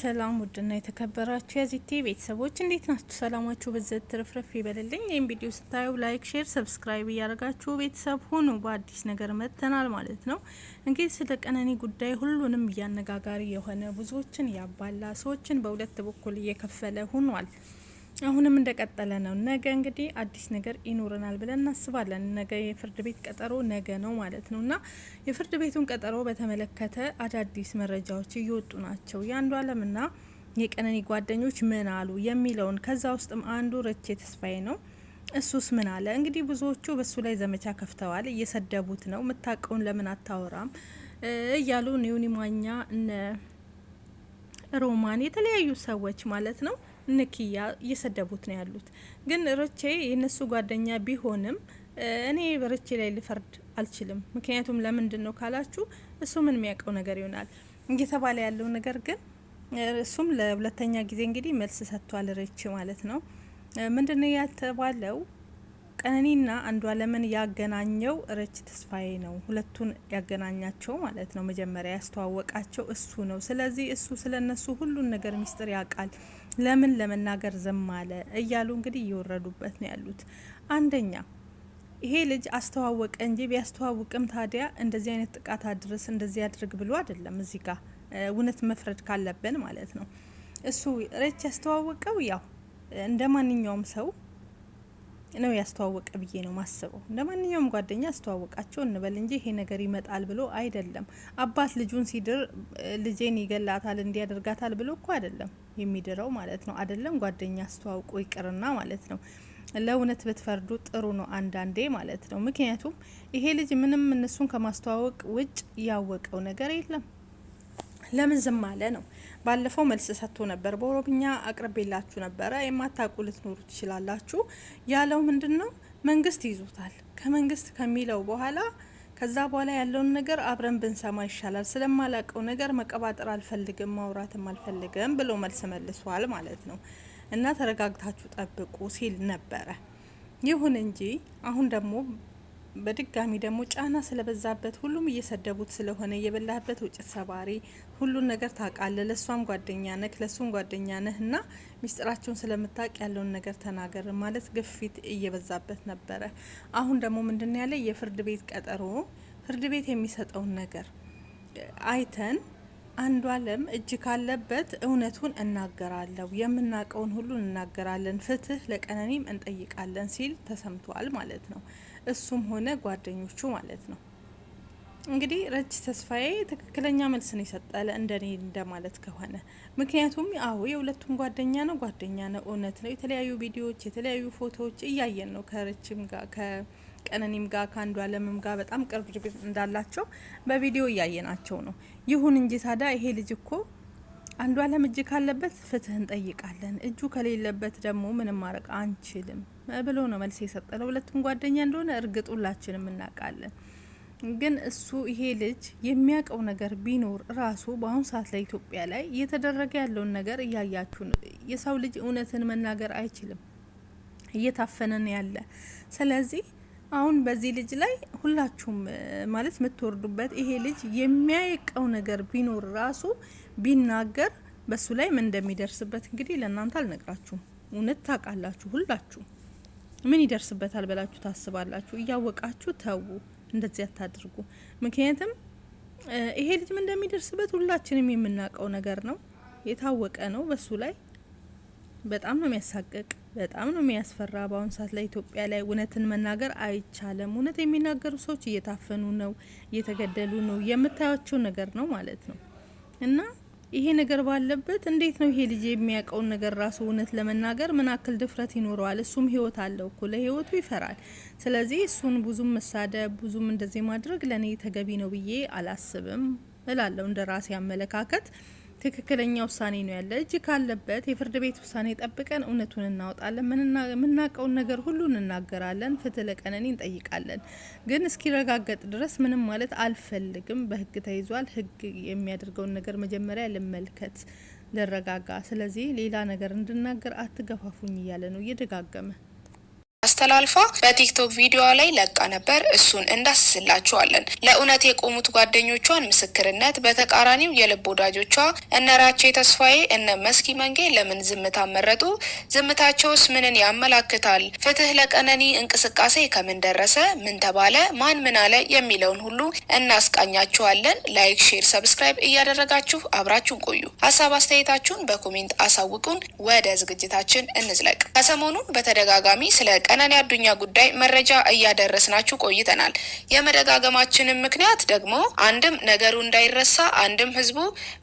ሰላም ውድና የተከበራችሁ የዚቴ ቤተሰቦች እንዴት ናችሁ? ሰላማችሁ ብዘት ትርፍርፍ ይበልልኝ። ይህም ቪዲዮ ስታዩ ላይክ፣ ሼር፣ ሰብስክራይብ እያደረጋችሁ ቤተሰብ ሁኑ። በአዲስ ነገር መጥተናል ማለት ነው። እንግዲህ ስለ ቀነኒ ጉዳይ ሁሉንም እያነጋጋሪ የሆነ ብዙዎችን ያባላ ሰዎችን በሁለት በኩል እየከፈለ ሁኗል። አሁንም እንደቀጠለ ነው። ነገ እንግዲህ አዲስ ነገር ይኖረናል ብለን እናስባለን። ነገ የፍርድ ቤት ቀጠሮ ነገ ነው ማለት ነው እና የፍርድ ቤቱን ቀጠሮ በተመለከተ አዳዲስ መረጃዎች እየወጡ ናቸው። የአንዱ አለምና የቀነኒ ጓደኞች ምን አሉ የሚለውን ከዛ ውስጥም አንዱ ርቼ ተስፋዬ ነው። እሱስ ምን አለ እንግዲህ ብዙዎቹ በሱ ላይ ዘመቻ ከፍተዋል። እየሰደቡት ነው። ምታቀውን ለምን አታወራም እያሉ ኒውኒማኛ እነ ሮማን የተለያዩ ሰዎች ማለት ነው ንክያ እየሰደቡት ነው ያሉት። ግን ርቼ የነሱ ጓደኛ ቢሆንም እኔ በርቼ ላይ ልፈርድ አልችልም። ምክንያቱም ለምንድን ነው ካላችሁ እሱ ምን የሚያውቀው ነገር ይሆናል እየተባለ ያለው ነገር ግን እሱም ለሁለተኛ ጊዜ እንግዲህ መልስ ሰጥቷል ርቼ ማለት ነው። ምንድን ያልተባለው? ቀነኒና አንዷ ለምን ያገናኘው ረች ተስፋዬ ነው። ሁለቱን ያገናኛቸው ማለት ነው። መጀመሪያ ያስተዋወቃቸው እሱ ነው። ስለዚህ እሱ ስለ እነሱ ሁሉን ነገር ሚስጥር ያውቃል። ለምን ለመናገር ዝም አለ እያሉ እንግዲህ እየወረዱበት ነው ያሉት። አንደኛ ይሄ ልጅ አስተዋወቀ እንጂ ቢያስተዋውቅም ታዲያ እንደዚህ አይነት ጥቃት አድርስ እንደዚህ ያድርግ ብሎ አይደለም። እዚህ ጋር እውነት መፍረድ ካለብን ማለት ነው እሱ ረች ያስተዋወቀው ያው እንደ ማንኛውም ሰው ነው ያስተዋወቀ ብዬ ነው ማስበው። እንደ ማንኛውም ጓደኛ አስተዋወቃቸው እንበል እንጂ ይሄ ነገር ይመጣል ብሎ አይደለም። አባት ልጁን ሲድር ልጄን ይገላታል እንዲያደርጋታል ብሎ እኮ አይደለም የሚድረው ማለት ነው። አይደለም ጓደኛ አስተዋውቆ ይቅርና ማለት ነው። ለእውነት ብትፈርዱ ጥሩ ነው አንዳንዴ ማለት ነው። ምክንያቱም ይሄ ልጅ ምንም እነሱን ከማስተዋወቅ ውጭ ያወቀው ነገር የለም። ለምን ዝም አለ ነው። ባለፈው መልስ ሰጥቶ ነበር። በኦሮምኛ አቅርቤላችሁ ነበረ። የማታውቁ ልትኖሩ ትችላላችሁ። ያለው ምንድን ነው? መንግስት ይዞታል። ከመንግስት ከሚለው በኋላ ከዛ በኋላ ያለውን ነገር አብረን ብንሰማ ይሻላል። ስለማላቀው ነገር መቀባጠር አልፈልግም፣ ማውራትም አልፈልግም ብሎ መልስ መልሷል ማለት ነው። እና ተረጋግታችሁ ጠብቁ ሲል ነበረ። ይሁን እንጂ አሁን ደግሞ በድጋሚ ደግሞ ጫና ስለበዛበት ሁሉም እየሰደቡት ስለሆነ የበላህበት ውጭት ሰባሪ ሁሉን ነገር ታውቃለህ፣ ለእሷም ጓደኛ ነህ፣ ለእሱም ጓደኛ ነህ እና ሚስጥራቸውን ስለምታውቅ ያለውን ነገር ተናገር ማለት ግፊት እየበዛበት ነበረ። አሁን ደግሞ ምንድን ያለ የፍርድ ቤት ቀጠሮ ፍርድ ቤት የሚሰጠውን ነገር አይተን አንዱ አለም እጅ ካለበት እውነቱን እናገራለሁ፣ የምናውቀውን ሁሉ እናገራለን፣ ፍትህ ለቀነኒም እንጠይቃለን ሲል ተሰምቷል ማለት ነው። እሱም ሆነ ጓደኞቹ ማለት ነው። እንግዲህ ረጅ ተስፋዬ ትክክለኛ መልስ ነው የሰጠለ እንደኔ እንደማለት ከሆነ ምክንያቱም አዎ የሁለቱም ጓደኛ ነው ጓደኛ ነው፣ እውነት ነው። የተለያዩ ቪዲዮዎች የተለያዩ ፎቶዎች እያየን ነው ከረችም ጋር ቀነኒም ጋር ከአንዱ አለምም ጋር በጣም ቅርብ እንዳላቸው በቪዲዮ እያየናቸው ነው። ይሁን እንጂ ታዲያ ይሄ ልጅ እኮ አንዱ አለም እጅ ካለበት ፍትህ እንጠይቃለን፣ እጁ ከሌለበት ደግሞ ምንም ማድረግ አንችልም ብሎ ነው መልስ የሰጠ። ለሁለቱም ጓደኛ እንደሆነ እርግጥ ሁላችንም እናውቃለን። ግን እሱ ይሄ ልጅ የሚያውቀው ነገር ቢኖር ራሱ በአሁኑ ሰዓት ላይ ኢትዮጵያ ላይ እየተደረገ ያለውን ነገር እያያችሁ ነው። የሰው ልጅ እውነትን መናገር አይችልም፣ እየታፈነን ያለ ስለዚህ አሁን በዚህ ልጅ ላይ ሁላችሁም ማለት የምትወርዱበት ይሄ ልጅ የሚያየቀው ነገር ቢኖር ራሱ ቢናገር በሱ ላይ ምን እንደሚደርስበት እንግዲህ ለእናንተ አልነግራችሁም። እውነት ታውቃላችሁ። ሁላችሁ ምን ይደርስበታል ብላችሁ ታስባላችሁ? እያወቃችሁ ተዉ፣ እንደዚህ አታድርጉ። ምክንያቱም ይሄ ልጅ ምን እንደሚደርስበት ሁላችንም የምናውቀው ነገር ነው፣ የታወቀ ነው። በሱ ላይ በጣም ነው የሚያሳቀቅ። በጣም ነው የሚያስፈራ። በአሁኑ ሰዓት ላይ ኢትዮጵያ ላይ እውነትን መናገር አይቻልም። እውነት የሚናገሩ ሰዎች እየታፈኑ ነው፣ እየተገደሉ ነው። የምታያቸው ነገር ነው ማለት ነው። እና ይሄ ነገር ባለበት እንዴት ነው ይሄ ልጅ የሚያውቀውን ነገር ራሱ እውነት ለመናገር ምን አክል ድፍረት ይኖረዋል? እሱም ህይወት አለው እኮ ለህይወቱ ይፈራል። ስለዚህ እሱን ብዙም መሳደብ፣ ብዙም እንደዚህ ማድረግ ለእኔ ተገቢ ነው ብዬ አላስብም እላለሁ እንደ ራሴ አመለካከት ትክክለኛ ውሳኔ ነው ያለ እጅ ካለበት የፍርድ ቤት ውሳኔ ጠብቀን እውነቱን እናወጣለን። የምናውቀውን ነገር ሁሉ እንናገራለን። ፍትህ ለቀነኒ እንጠይቃለን። ግን እስኪረጋገጥ ድረስ ምንም ማለት አልፈልግም። በህግ ተይዟል። ህግ የሚያደርገውን ነገር መጀመሪያ ልመልከት፣ ልረጋጋ። ስለዚህ ሌላ ነገር እንድናገር አትገፋፉኝ እያለ ነው እየደጋገመ አስተላልፋ በቲክቶክ ቪዲዮ ላይ ለቃ ነበር። እሱን እንዳስስላችኋለን። ለእውነት የቆሙት ጓደኞቿን ምስክርነት በተቃራኒው የልብ ወዳጆቿ እነራቼ ተስፋዬ፣ እነ መስኪ መንጌ ለምን ዝምታ መረጡ? ዝምታቸውስ ምንን ያመላክታል? ፍትህ ለቀነኒ እንቅስቃሴ ከምን ደረሰ? ምን ተባለ? ማን ምን አለ? የሚለውን ሁሉ እናስቃኛችኋለን። ላይክ፣ ሼር፣ ሰብስክራይብ እያደረጋችሁ አብራችሁን ቆዩ። ሀሳብ አስተያየታችሁን በኮሜንት አሳውቁን። ወደ ዝግጅታችን እንዝለቅ። ከሰሞኑን በተደጋጋሚ ስለ ቀነኒ ስለ አዱኛ ጉዳይ መረጃ እያደረስናችሁ ቆይተናል። የመደጋገማችንም ምክንያት ደግሞ አንድም ነገሩ እንዳይረሳ፣ አንድም ህዝቡ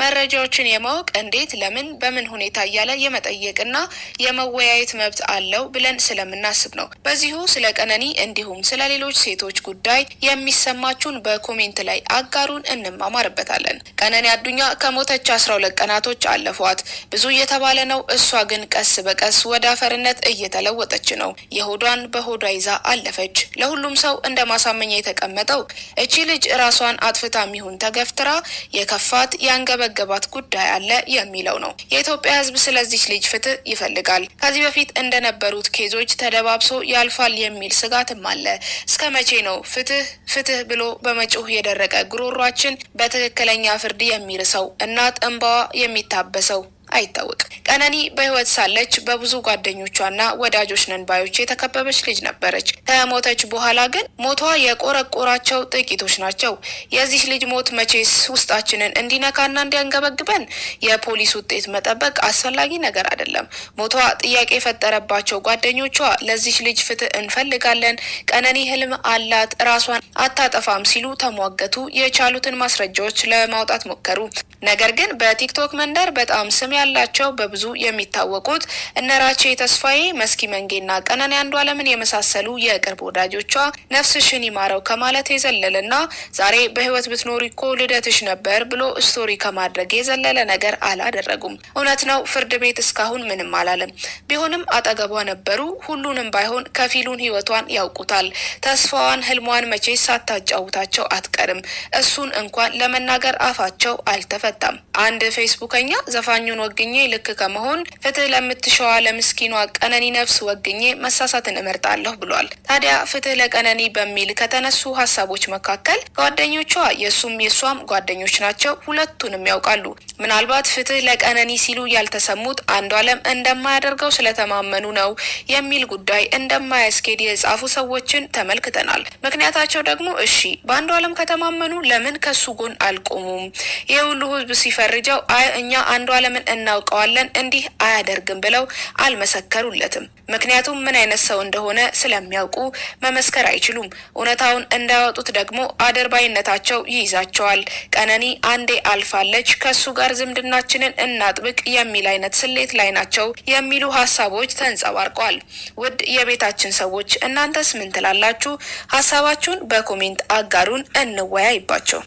መረጃዎችን የማወቅ እንዴት፣ ለምን፣ በምን ሁኔታ እያለ የመጠየቅና የመወያየት መብት አለው ብለን ስለምናስብ ነው። በዚሁ ስለ ቀነኒ እንዲሁም ስለ ሌሎች ሴቶች ጉዳይ የሚሰማችሁን በኮሜንት ላይ አጋሩን፣ እንማማርበታለን። ቀነኒ አዱኛ ከሞተች አስራ ሁለት ቀናቶች አለፏት። ብዙ እየተባለ ነው። እሷ ግን ቀስ በቀስ ወደ አፈርነት እየተለወጠች ነው። የሆዷ ራሷን በሆዷ ይዛ አለፈች። ለሁሉም ሰው እንደ ማሳመኛ የተቀመጠው እቺ ልጅ ራሷን አጥፍታ ሚሆን ተገፍትራ የከፋት ያንገበገባት ጉዳይ አለ የሚለው ነው። የኢትዮጵያ ሕዝብ ስለዚች ልጅ ፍትህ ይፈልጋል። ከዚህ በፊት እንደነበሩት ኬዞች ተደባብሶ ያልፋል የሚል ስጋትም አለ። እስከ መቼ ነው ፍትህ ፍትህ ብሎ በመጮህ የደረቀ ጉሮሯችን በትክክለኛ ፍርድ የሚርሰው እናት እንባዋ የሚታበሰው? አይታወቅም። ቀነኒ በህይወት ሳለች በብዙ ጓደኞቿና ወዳጆች ነን ባዮች የተከበበች ልጅ ነበረች። ከሞተች በኋላ ግን ሞቷ የቆረቆራቸው ጥቂቶች ናቸው። የዚህ ልጅ ሞት መቼስ ውስጣችንን እንዲነካና እንዲያንገበግበን የፖሊስ ውጤት መጠበቅ አስፈላጊ ነገር አይደለም። ሞቷ ጥያቄ የፈጠረባቸው ጓደኞቿ ለዚህ ልጅ ፍትህ እንፈልጋለን፣ ቀነኒ ህልም አላት፣ ራሷን አታጠፋም ሲሉ ተሟገቱ። የቻሉትን ማስረጃዎች ለማውጣት ሞከሩ። ነገር ግን በቲክቶክ መንደር በጣም ስም ያላቸው በብዙ የሚታወቁት እነራቼ ተስፋዬ፣ መስኪ መንጌና ቀነኔ ለምን የመሳሰሉ የቅርብ ወዳጆቿ ነፍስሽን ይማረው ከማለት የዘለለና ዛሬ በህይወት ብትኖሪ እኮ ልደትሽ ነበር ብሎ ስቶሪ ከማድረግ የዘለለ ነገር አላደረጉም። እውነት ነው ፍርድ ቤት እስካሁን ምንም አላለም። ቢሆንም አጠገቧ ነበሩ። ሁሉንም ባይሆን ከፊሉን ህይወቷን ያውቁታል። ተስፋዋን፣ ህልሟን መቼ ሳታጫውታቸው አትቀርም። እሱን እንኳን ለመናገር አፋቸው አልተፈታም። አንድ ፌስቡከኛ ዘፋኙን ወግኜ ልክ ከመሆን ፍትህ ለምትሸዋ ለምስኪኗ ቀነኒ ነፍስ ወግኜ መሳሳትን እመርጣለሁ ብሏል። ታዲያ ፍትህ ለቀነኒ በሚል ከተነሱ ሀሳቦች መካከል ጓደኞቿ የእሱም የእሷም ጓደኞች ናቸው፣ ሁለቱንም ያውቃሉ። ምናልባት ፍትህ ለቀነኒ ሲሉ ያልተሰሙት አለም እንደማያደርገው ስለተማመኑ ነው የሚል ጉዳይ እንደማያስኬድ የጻፉ ሰዎችን ተመልክተናል። ምክንያታቸው ደግሞ እሺ በአንዷለም ከተማመኑ ለምን ከሱ ጎን አልቆሙም? ይህ ሁሉ ህዝብ ሲፈርጀው አይ እኛ አንዷለምን እናውቀዋለን፣ እንዲህ አያደርግም ብለው አልመሰከሩለትም። ምክንያቱም ምን አይነት ሰው እንደሆነ ስለሚያውቁ መመስከር አይችሉም። እውነታውን እንዳያወጡት ደግሞ አደርባይነታቸው ይይዛቸዋል። ቀነኒ አንዴ አልፋለች፣ ከሱ ጋር ዝምድናችንን እናጥብቅ የሚል አይነት ስሌት ላይ ናቸው የሚሉ ሀሳቦች ተንጸባርቀዋል። ውድ የቤታችን ሰዎች እናንተስ ምን ትላላችሁ? ሀሳባችሁን በኮሜንት አጋሩን፣ እንወያይባቸው።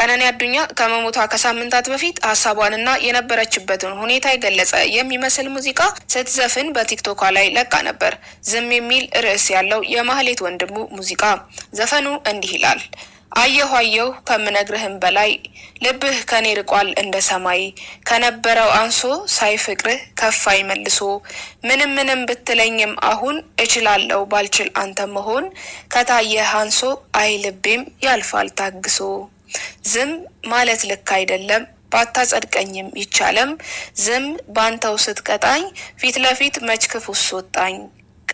ቀነኒ አዱኛ ከመሞቷ ከሳምንታት በፊት ሀሳቧንና የነበረችበትን ሁኔታ የገለጸ የሚመስል ሙዚቃ ስትዘፍን በቲክቶኳ ላይ ለቃ ነበር። ዝም የሚል ርዕስ ያለው የማህሌት ወንድሙ ሙዚቃ ዘፈኑ እንዲህ ይላል። አየሁ አየሁ ከምነግርህም በላይ ልብህ ከኔ ርቋል እንደ ሰማይ ከነበረው አንሶ ሳይፍቅርህ ከፋይ መልሶ ምንም ምንም ብትለኝም አሁን እችላለሁ ባልችል አንተ መሆን ከታየህ አንሶ አይ ልቤም ያልፋል ታግሶ ዝም ማለት ልክ አይደለም ባታጸድቀኝም ይቻለም ዝም ባንተው ስትቀጣኝ ፊት ለፊት መች ክፉ ስወጣኝ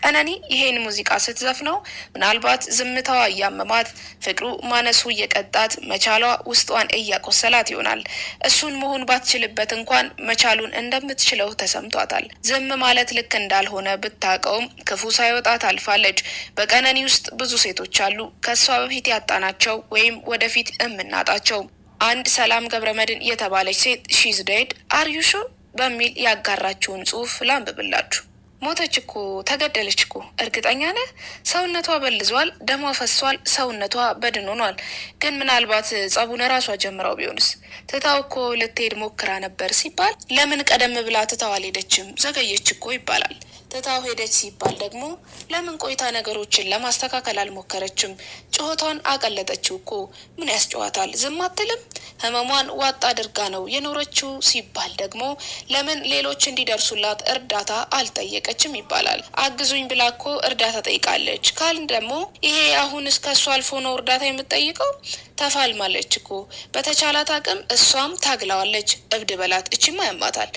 ቀነኒ ይሄን ሙዚቃ ስትዘፍነው ምናልባት ዝምታዋ እያመማት፣ ፍቅሩ ማነሱ እየቀጣት፣ መቻሏ ውስጧን እያቆሰላት ይሆናል። እሱን መሆን ባትችልበት እንኳን መቻሉን እንደምትችለው ተሰምቷታል። ዝም ማለት ልክ እንዳልሆነ ብታውቀውም ክፉ ሳይወጣት አልፋለች። በቀነኒ ውስጥ ብዙ ሴቶች አሉ ከእሷ በፊት ያጣናቸው ወይም ወደፊት የምናጣቸው። አንድ ሰላም ገብረመድን የተባለች ሴት ሺዝ ዴድ አርዩሹ በሚል ያጋራችውን ጽሁፍ ላንብብላችሁ። ሞተች እኮ ተገደለች እኮ እርግጠኛ ነህ? ሰውነቷ በልዟል፣ ደሟ ፈሷል፣ ሰውነቷ በድን ሆኗል። ግን ምናልባት ጸቡን ራሷ ጀምራው ቢሆንስ? ትታው እኮ ልትሄድ ሞክራ ነበር ሲባል ለምን ቀደም ብላ ትታው አልሄደችም? ዘገየች እኮ ይባላል። ትታው ሄደች ሲባል ደግሞ ለምን ቆይታ ነገሮችን ለማስተካከል አልሞከረችም? ጩኸቷን አቀለጠችው እኮ ምን ያስጨዋታል? ዝም አትልም? ህመሟን ዋጥ አድርጋ ነው የኖረችው ሲባል ደግሞ ለምን ሌሎች እንዲደርሱላት እርዳታ አልጠየቀችም ይባላል። አግዙኝ ብላ እኮ እርዳታ ጠይቃለች ካልን ደግሞ ይሄ አሁን እስከ እሱ አልፎ ነው እርዳታ የምትጠይቀው? ተፋልማለች እኮ በተቻላት አቅም እሷም ታግለዋለች። እብድ በላት እችማ ያማታል።